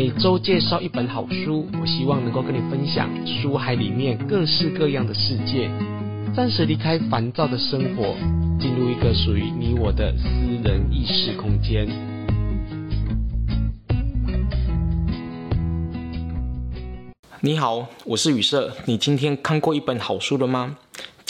每週介紹一本好書，我希望能夠跟你分享書海裡面各式各樣的世界。暫時離開煩躁的生活，進入一個屬於你我的私人意識空間。你好，我是宇色，你今天看過一本好書了嗎？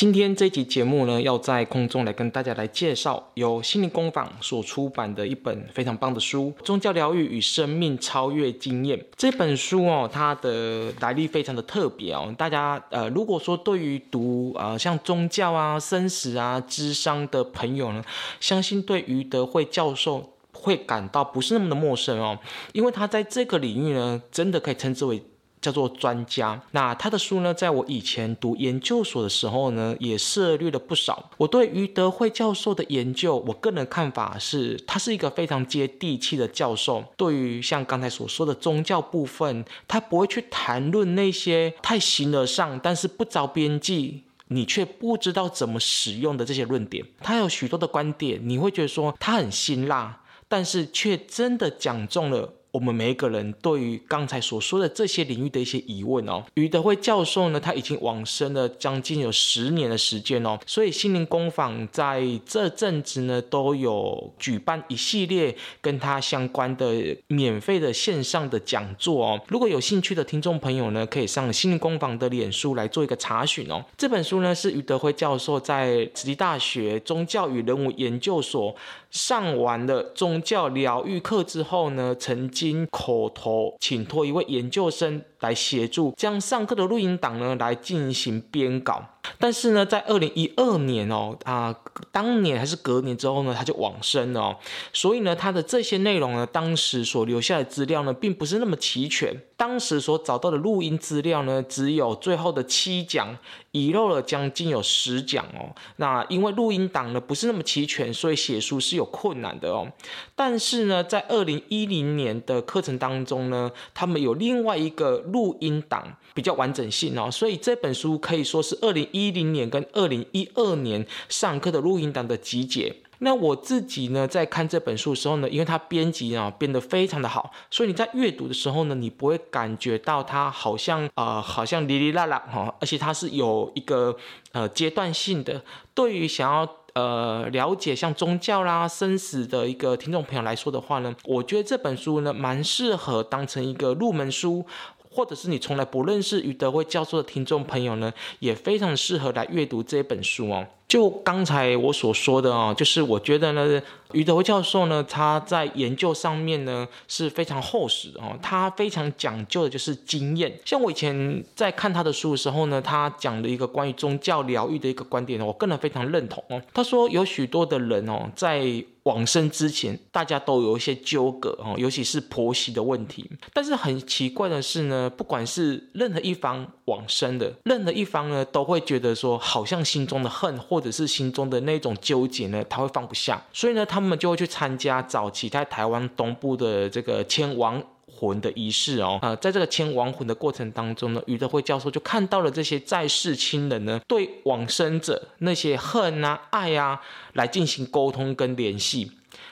今天這一集節目呢，要在空中來跟大家來介紹由心靈工坊所出版的一本非常棒的書《宗教療癒與生命超越經驗》這本書哦，它的來歷非常的特別哦。大家呃，如果說對於讀呃像宗教啊、生死啊、諮商的朋友呢，相信對於德慧教授會感到不是那麼的陌生哦，因為他在這個領域呢，真的可以稱之為。叫做專家。那他的書呢，在我以前讀研究所的時候呢，也涉獵了不少。我對於德慧教授的研究，我個人的看法是，他是一個非常接地氣的教授。對於像剛才所說的宗教部分，他不會去談論那些太形而上，但是不着邊際，你卻不知道怎麼使用的這些論點。他有許多的觀點，你會覺得說他很辛辣，但是却真的講中了。我們每一個人對於剛才所說的這些領域的一些疑問哦，余德慧教授呢，他已經往生了將近有十年的時間哦，所以心靈工坊在這陣子呢都有舉辦一系列跟他相關的免費的線上的講座哦。如果有興趣的聽眾朋友呢，可以上心靈工坊的臉書來做一個查詢哦。這本書呢，是余德慧教授在慈濟大學宗教與人文研究所上完了宗教療癒課之後呢，曾。僅口頭請託一位研究生來協助，將上課的錄音檔呢來進行編稿。但是呢，在二零一二年哦啊、呃，當年還是隔年之後呢，他就往生了、哦，所以呢，他的這些內容呢，當時所留下的資料呢，並不是那麼齊全。當時所找到的錄音資料呢，只有最後的七講，遺漏了將近有十講哦。那因為錄音檔呢不是那麼齊全，所以寫書是有困難的哦。但是呢，在二零一零年的課程當中呢，他們有另外一個錄音檔比較完整性哦，所以這本書可以說是二零一零年跟二零一二年上課的錄音檔的集結。那我自己呢，在看這本書的時候呢，因為它編輯啊編得非常的好，所以你在閱讀的時候呢，你不會感覺到它好像呃，好像哩哩啦啦。哈，而且它是有一個呃階段性的。對於想要呃了解像宗教啦、生死的一個聽眾朋友來說的話呢，我覺得這本書呢，蠻適合當成一個入門書，或者是你從來不認識余德慧教授的聽眾朋友呢，也非常適合來閱讀這本書哦。就剛才我所說的啊，就是我覺得呢，余德慧教授呢，他在研究上面呢是非常厚實的哦。他非常講究的就是經驗。像我以前在看他的書的時候呢，他講了一個關於宗教療癒的一個觀點，我個人非常認同哦。他說有許多的人哦，在往生之前，大家都有一些糾葛哦，尤其是婆媳的問題。但是很奇怪的是呢，不管是任何一方往生的，任何一方呢，都會覺得說，好像心中的恨或或者是心中的那種糾結呢，他會放不下，所以呢，他們就會去參加早期在台灣東部的這個牽亡魂的儀式哦。啊、呃，在這個牽亡魂的過程當中呢，余德慧教授就看到了這些在世親人呢，對往生者那些恨啊、愛啊，來進行溝通跟聯繫。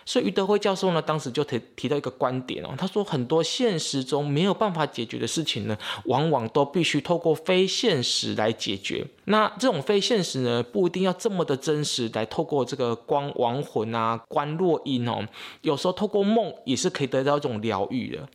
所以余德慧教授呢，當時就提提到一個觀點哦，他說很多現實中沒有辦法解決的事情呢，往往都必須透過非現實來解決。那這種非現實呢，不一定要這麼的真實，來透過這個觀亡魂啊、觀落陰哦，有時候透過夢也是可以得到一種療癒的。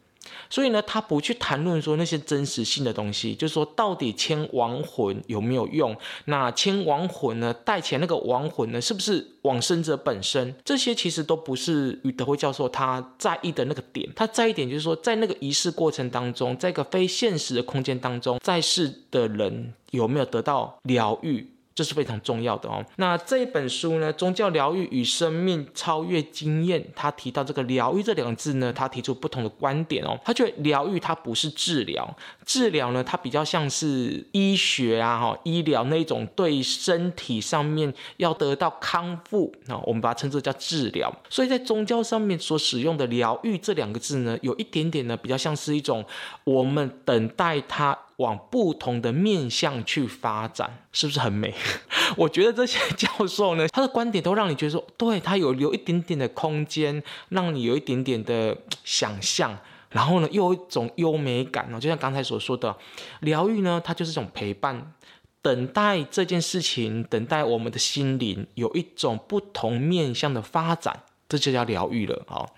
所以呢，他不去談論說那些真實性的東西，就是說到底牽亡魂有沒有用？那牽亡魂呢，帶起來那個亡魂呢，是不是往生者本身？這些其實都不是余德慧教授他在意的那個點。他在意點就是說，在那個儀式過程當中，在一個非現實的空間當中，在世的人有沒有得到療癒？這是非常重要的哦。那這本書呢，《宗教療癒與生命超越經驗》，他提到這個“療癒”這兩個字呢，他提出不同的觀點哦。他覺得療癒它不是治療，治療呢，它比較像是醫學啊、哈醫療那種對身體上面要得到康復，那我們把它稱作叫治療。所以在宗教上面所使用的“療癒”這兩個字呢，有一點點呢，比較像是一種我們等待它。往不同的面向去發展，是不是很美？ 我覺得這些教授呢，他的觀點都讓你覺得說，對，他有留一點點的空間，讓你有一點點的想象，然後呢，又有一種優美感哦，就像剛才所說的，療癒呢，它就是一種陪伴，等待這件事情，等待我們的心靈有一種不同面向的發展。這就叫療癒了，好。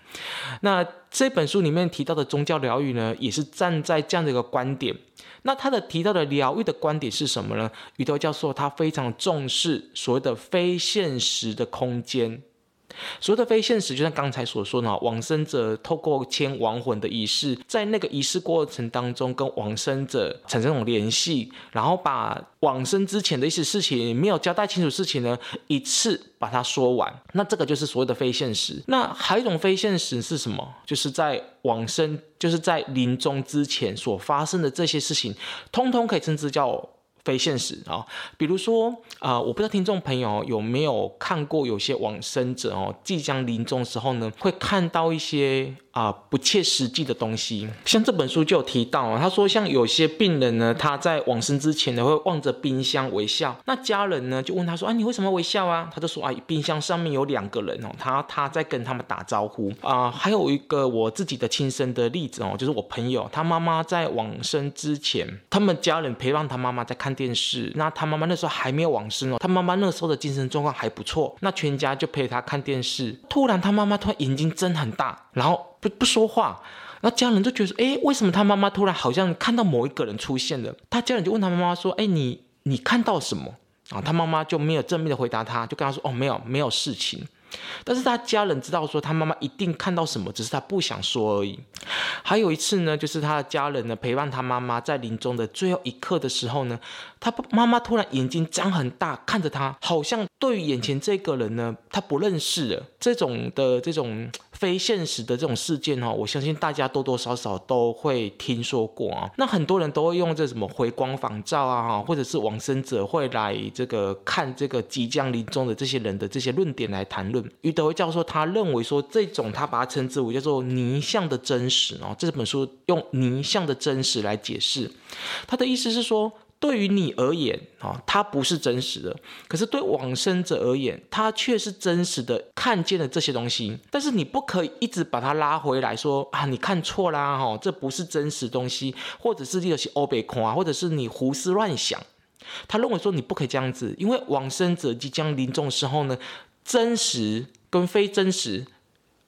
那這本書裡面提到的宗教療癒呢，也是站在這樣的一個觀點。那他的提到的療癒的觀點是什麼呢？余德慧教授他非常重視所謂的非現實的空間。所謂的非現實，就像剛才所說的，往生者透過牽亡魂的儀式，在那個儀式過程當中跟往生者產生那種聯繫，然後把往生之前的一些事情沒有交代清楚事情呢，一次把它說完，那這個就是所謂的非現實。那還有一種非現實是什麼？就是在往生，就是在臨終之前所發生的這些事情，通通可以稱之叫。非現實啊、哦，比如說啊、呃，我不知道聽眾朋友有沒有看過，有些往生者哦，即將臨終時候呢，會看到一些啊、呃、不切實際的東西。像這本書就有提到、哦，他說像有些病人呢，他在往生之前呢，會望着冰箱微笑。那家人呢，就問他說啊，你為什麼微笑啊？他就說啊，冰箱上面有兩個人哦，他他在跟他們打招呼啊、呃。還有一個我自己的親身的例子哦，就是我朋友他媽媽在往生之前，他們家人陪伴他媽媽在看電視，那他媽媽那時候還沒有往生哦，他媽媽那時候的精神狀況還不錯，那全家就陪他看電視。突然，他媽媽突然眼睛睜很大，然後不不說話，那家人都覺得說，哎，為什麼他媽媽突然好像看到某一個人出現了？他家人就問他媽媽說，哎，你你看到什麼啊？然後他媽媽就沒有正面的回答他，他就跟他說，哦，沒有，沒有事情。但是他家人知道說他媽媽一定看到什麼，只是他不想說而已。還有一次呢，就是他的家人呢陪伴他媽媽在臨終的最後一刻的時候呢，他媽媽突然眼睛張很大，看着他，好像對於眼前這個人呢，他不認識了。這種的這種。非現實的這種事件哦，我相信大家多多少少都會聽說過啊。那很多人都會用這什麼回光返照啊，或者是往生者會來這個看這個即將臨終的這些人的這些論點來談論。余德慧教授他認為說，這種他把它稱之為叫做擬像的真實哦。這本書用擬像的真實來解釋，他的意思是說，對於你而言，啊，它不是真實的；可是對往生者而言，它卻是真實的，看見了這些東西。但是你不可以一直把它拉回來說啊，你看錯啦，哈，這不是真實的東西，或者是你的歐貝孔啊，或者是你胡思亂想。他認為說你不可以這樣子，因為往生者即將臨終的時候呢，真實跟非真實，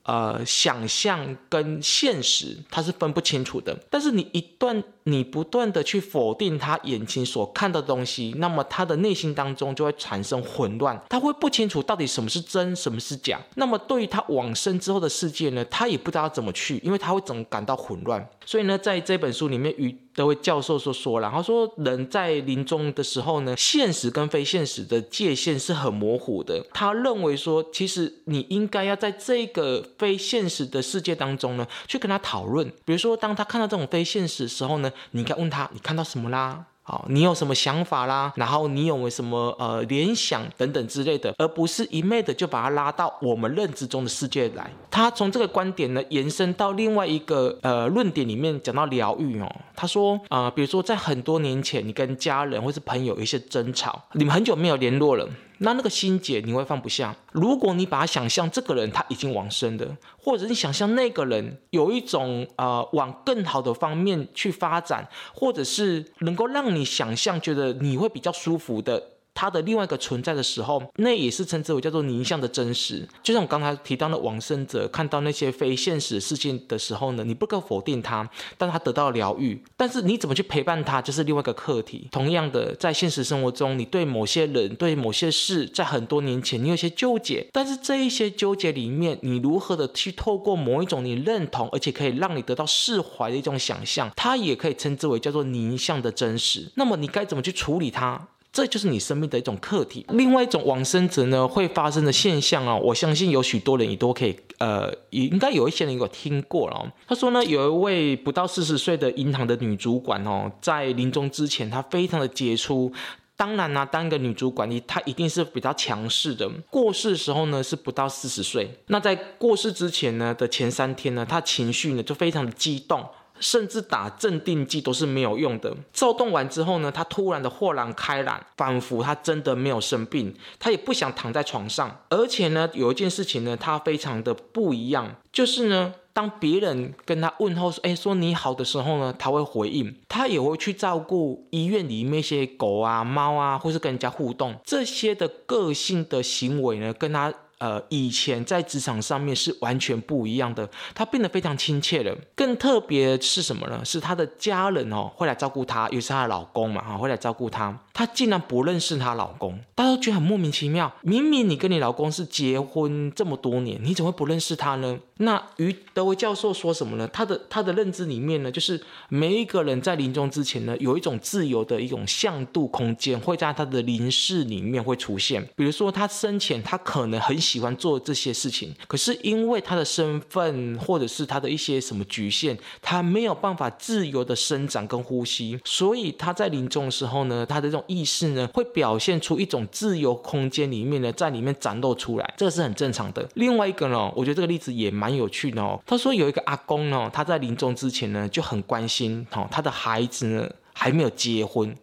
呃，想象跟現實，他是分不清楚的。但是你一段。你不斷的去否定他眼前所看到的東西，那麼他的內心當中就會產生混亂，他會不清楚到底什麼是真，什麼是假。那麼對於他往生之後的世界呢，他也不知道怎麼去，因為他會總感到混亂。所以呢，在這本書裡面，余德慧教授說，說，然後說人在臨終的時候呢，現實跟非現實的界限是很模糊的。他認為說，其實你應該要在這個非現實的世界當中呢，去跟他討論，比如說當他看到這種非現實的時候呢。你應該問他你看到什麼啦？好，你有什麼想法啦？然後你有沒有什麼呃聯想等等之類的，而不是一昧的就把它拉到我們認知中的世界來。他從這個觀點呢延伸到另外一個呃論點裡面，講到療癒哦。他說啊、呃，比如說在很多年前，你跟家人或是朋友有一些爭吵，你們很久沒有聯絡了。那那個心結你會放不下。如果你把它想象這個人他已經往生的，或者你想象那個人有一種呃往更好的方面去發展，或者是能夠讓你想象覺得你會比較舒服的。它的另外一個存在的時候，那也是稱之為叫做擬像的真實。就像我剛才提到的，往生者看到那些非現實事件的時候呢，你不可否定他，但他得到了療癒。但是你怎麼去陪伴他，就是另外一個課題。同樣的，在現實生活中，你對某些人、對某些事，在很多年前你有些糾結，但是這一些糾結裡面，你如何的去透過某一種你認同而且可以讓你得到釋懷的一種想象，它也可以稱之為叫做擬像的真實。那麼你該怎麼去處理它？這就是你生命的一種課題。另外一種往生者呢，會發生的現象啊、哦，我相信有許多人也都可以，呃，也應該有一些人有聽過了。他說呢，有一位不到四十歲的銀行的女主管哦，在臨終之前，她非常的傑出。當然呢、啊，當一個女主管，她一定是比較強勢的。過世的時候呢，是不到四十歲。那在過世之前呢的前三天呢，她情緒呢就非常的激動。甚至打鎮定劑都是沒有用的。躁動完之後呢，他突然的豁然開朗，仿佛他真的沒有生病，他也不想躺在床上。而且呢，有一件事情呢，他非常的不一樣，就是呢，當別人跟他問候說，哎，說你好的時候呢，他會回應，他也會去照顧醫院裡面一些狗啊、貓啊，或是跟人家互動這些的個性的行為呢，跟他。呃，以前在職場上面是完全不一樣的，她變得非常親切了。更特別是什麼呢？是她的家人哦，會來照顧她，尤其是她的老公嘛，哈，會來照顧她。她竟然不認識她老公，大家都覺得很莫名其妙。明明你跟你老公是結婚這麼多年，你怎麼會不認識他呢？那余德慧教授說什麼呢？他的他的認知裡面呢，就是每一個人在臨終之前呢，有一種自由的一種向度空間會在他的臨世裡面會出現。比如說他生前他可能很喜歡做這些事情，可是因為他的身份或者是他的一些什麼局限，他沒有辦法自由的生長跟呼吸，所以他在臨終的時候呢，他的這種。意識呢，會表現出一種自由空間裡面呢，在裡面展露出來，這個是很正常的。另外一個呢，我覺得這個例子也蠻有趣的哦。他說有一個阿公呢，他在臨終之前呢，就很關心哦，他的孩子呢還沒有結婚。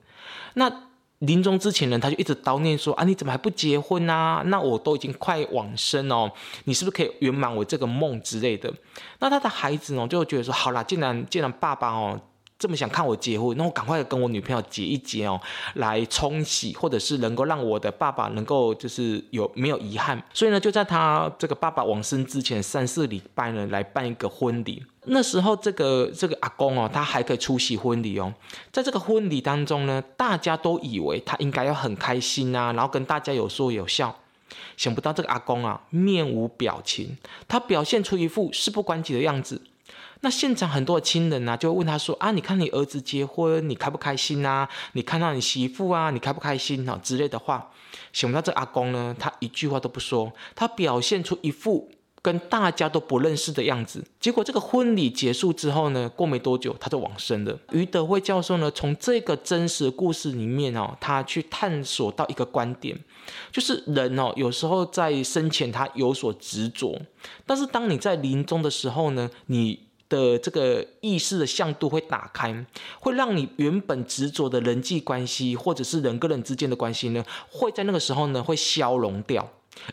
那臨終之前呢，他就一直叨念說：“啊，你怎麼還不結婚啊？那我都已經快往生哦，你是不是可以圓滿我這個夢之類的？”那他的孩子呢，就覺得說：“好啦，既然既然爸爸哦。”這麼想看我結婚，那我趕快跟我女朋友結一結哦，來沖喜，或者是能夠讓我的爸爸能夠就是有沒有遺憾？所以呢，就在他這個爸爸往生之前三四禮拜呢，來辦一個婚禮。那時候這個這個阿公哦，他還可以出席婚禮哦。在這個婚禮當中呢，大家都以為他應該要很開心啊，然後跟大家有說有笑。想不到這個阿公啊，面無表情，他表現出一副事不關己的樣子。那現場很多的親人呢、啊，就問他說：“啊，你看你兒子結婚，你開不開心吶、啊？你看到你媳婦啊，你開不開心啊？”之類的話。想不到這阿公呢，他一句話都不說，他表現出一副跟大家都不認識的樣子。結果這個婚禮結束之後呢，過沒多久他就往生了。余德慧教授呢，從這個真實的故事裡面哦，他去探索到一個觀點，就是人哦，有時候在生前他有所執着，但是當你在臨終的時候呢，你的這個意識的向度會打開，會讓你原本執着的人際關係，或者是人跟人之間的關係呢，會在那個時候呢會消融掉，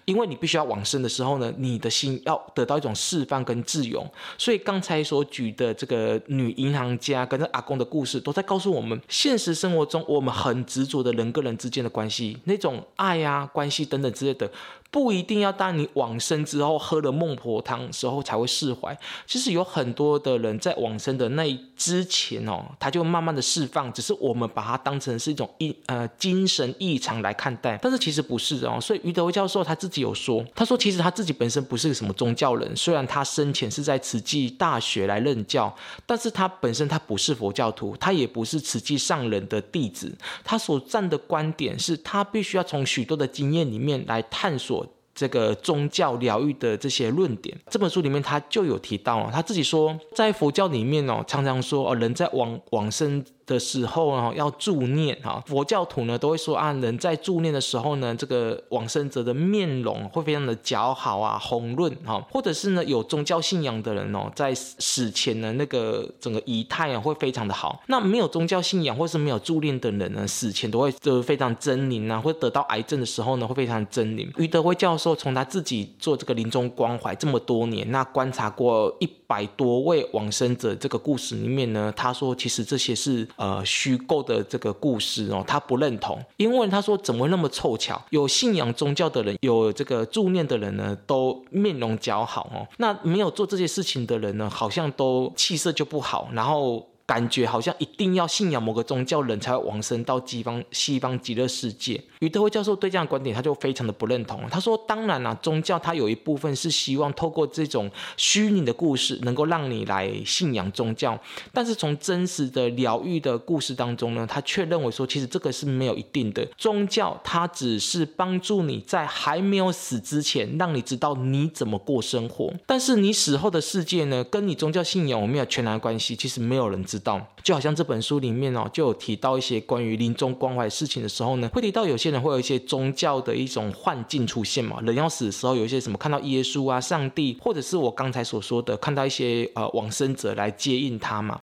因為你必須要往生的時候呢，你的心要得到一種釋放跟自由。所以剛才所舉的這個女銀行家跟這阿公的故事，都在告訴我們，現實生活中我們很執着的人跟人之間的關係，那種愛啊、關係等等之類的。不一定要當你往生之後喝了孟婆湯時候才會釋懷，其實有很多的人在往生的那一之前哦，他就慢慢的釋放，只是我們把它當成是一種一呃精神異常來看待，但是其實不是的哦。所以余德慧教授他自己有說，他說其實他自己本身不是個什麼宗教人，雖然他生前是在慈濟大學來任教，但是他本身他不是佛教徒，他也不是慈濟上人的弟子，他所站的觀點是他必須要從許多的經驗裡面來探索。這個宗教療癒的這些論點，這本書裡面他就有提到哦，他自己說，在佛教裡面哦，常常說哦，人在往往生。的時候哦，要助念哈，佛教徒呢都會說啊，人在助念的時候呢，這個往生者的面容會非常的姣好啊，紅潤哈，或者是呢有宗教信仰的人哦，在死前呢，那個整個儀態啊會非常的好。那沒有宗教信仰或是沒有助念的人呢，死前都會就是非常猙獰啊，會得到癌症的時候呢會非常猙獰。余德慧教授從他自己做這個臨終關懷這麼多年，那觀察過一百多位往生者這個故事裡面呢，他說其實這些是，呃，虛構的這個故事哦，他不認同，因為他說怎麼那麼湊巧，有信仰宗教的人，有這個助念的人呢，都面容姣好哦，那沒有做這些事情的人呢，好像都氣色就不好，然後。感覺好像一定要信仰某個宗教，人才會往生到西方西方極樂世界。余德慧教授對這樣的觀點，他就非常的不認同。他說：“當然啦、啊，宗教它有一部分是希望透過這種虛擬的故事，能夠讓你來信仰宗教。但是從真實的療癒的故事當中呢，他卻認為說，其實這個是沒有一定的。宗教它只是幫助你在還沒有死之前，讓你知道你怎麼過生活。但是你死後的世界呢，跟你宗教信仰有沒有全然關係，其實沒有人知道。”知道，就好像這本書裡面哦，就有提到一些關於臨終關懷事情的時候呢，會提到有些人會有一些宗教的一種幻境出現嘛。人要死的時候，有一些什麼看到耶穌啊、上帝，或者是我剛才所說的看到一些呃往生者來接應他嘛。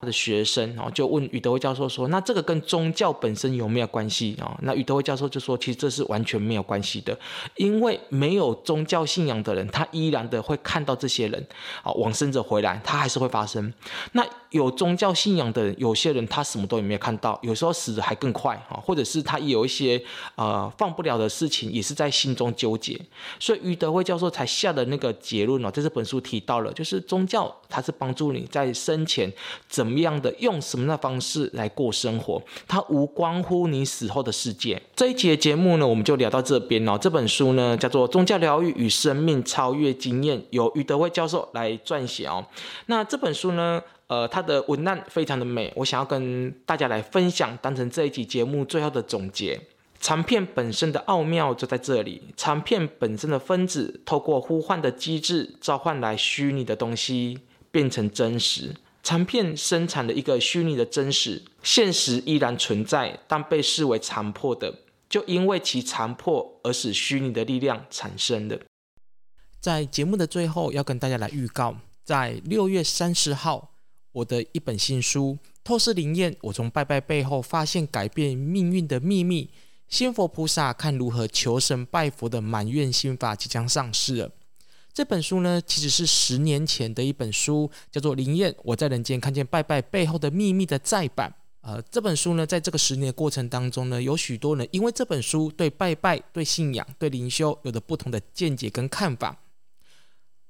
他的學生哦，就問余德慧教授說：“那這個跟宗教本身有沒有關係？”哦，那余德慧教授就說：“其實這是完全沒有關係的，因為沒有宗教信仰的人，他依然的會看到這些人啊，往生者回來，他還是會發生。那有宗教信仰的人，有些人他什麼都也沒有看到，有時候死的還更快，或者是他有一些呃放不了的事情，也是在心中糾結。所以余德慧教授才下的那個結論哦，在這本書提到了，就是宗教它是幫助你在生前怎。什麼樣的，用什麼樣的方式來過生活，它無關乎你死後的世界。這一期的節目呢，我們就聊到這邊哦。這本書呢，叫做《宗教療癒與生命超越經驗》，由余德慧教授來撰寫哦。那這本書呢，呃，它的文案非常的美，我想要跟大家來分享，當成這一期節目最後的總結。長片本身的奧妙就在這裡，長片本身的分子透過呼喚的機制，召喚來虛擬的東西變成真實。殘片生產了一個虛擬的真實，現實依然存在，但被視為殘破的，就因為其殘破而使虛擬的力量產生了。在節目的最後，要跟大家來預告，在六月三十號，我的一本新書《透視靈驗》，我從拜拜背後發現改變命運的秘密，《仙佛菩薩看如何求神拜佛的滿願心法》即將上市了。這本書呢，其實是十年前的一本書，叫做《靈驗我在人間看見拜拜背後的秘密》的再版。呃，這本書呢，在這個十年的過程當中呢，有許多人因為這本書對拜拜、對信仰、對靈修有着不同的見解跟看法。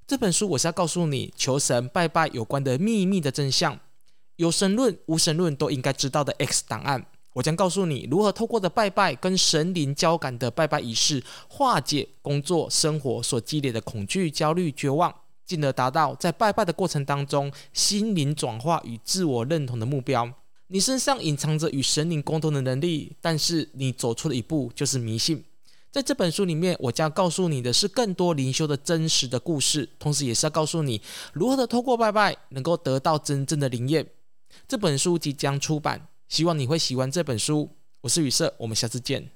這本書我是要告訴你，求神拜拜有關的秘密的真相，有神論、無神論都應該知道的 X 檔案。我將告訴你如何透過的拜拜跟神靈交感的拜拜儀式，化解工作生活所積累的恐懼、焦慮、絕望，進而達到在拜拜的過程當中心靈轉化與自我認同的目標。你身上隱藏着與神靈溝通的能力，但是你走出了一步就是迷信。在這本書裡面，我將告訴你的是更多靈修的真實的故事，同時也是要告訴你如何的透過拜拜能夠得到真正的靈驗。這本書即將出版。希望你會喜歡這本書。我是宇色，我們下次見。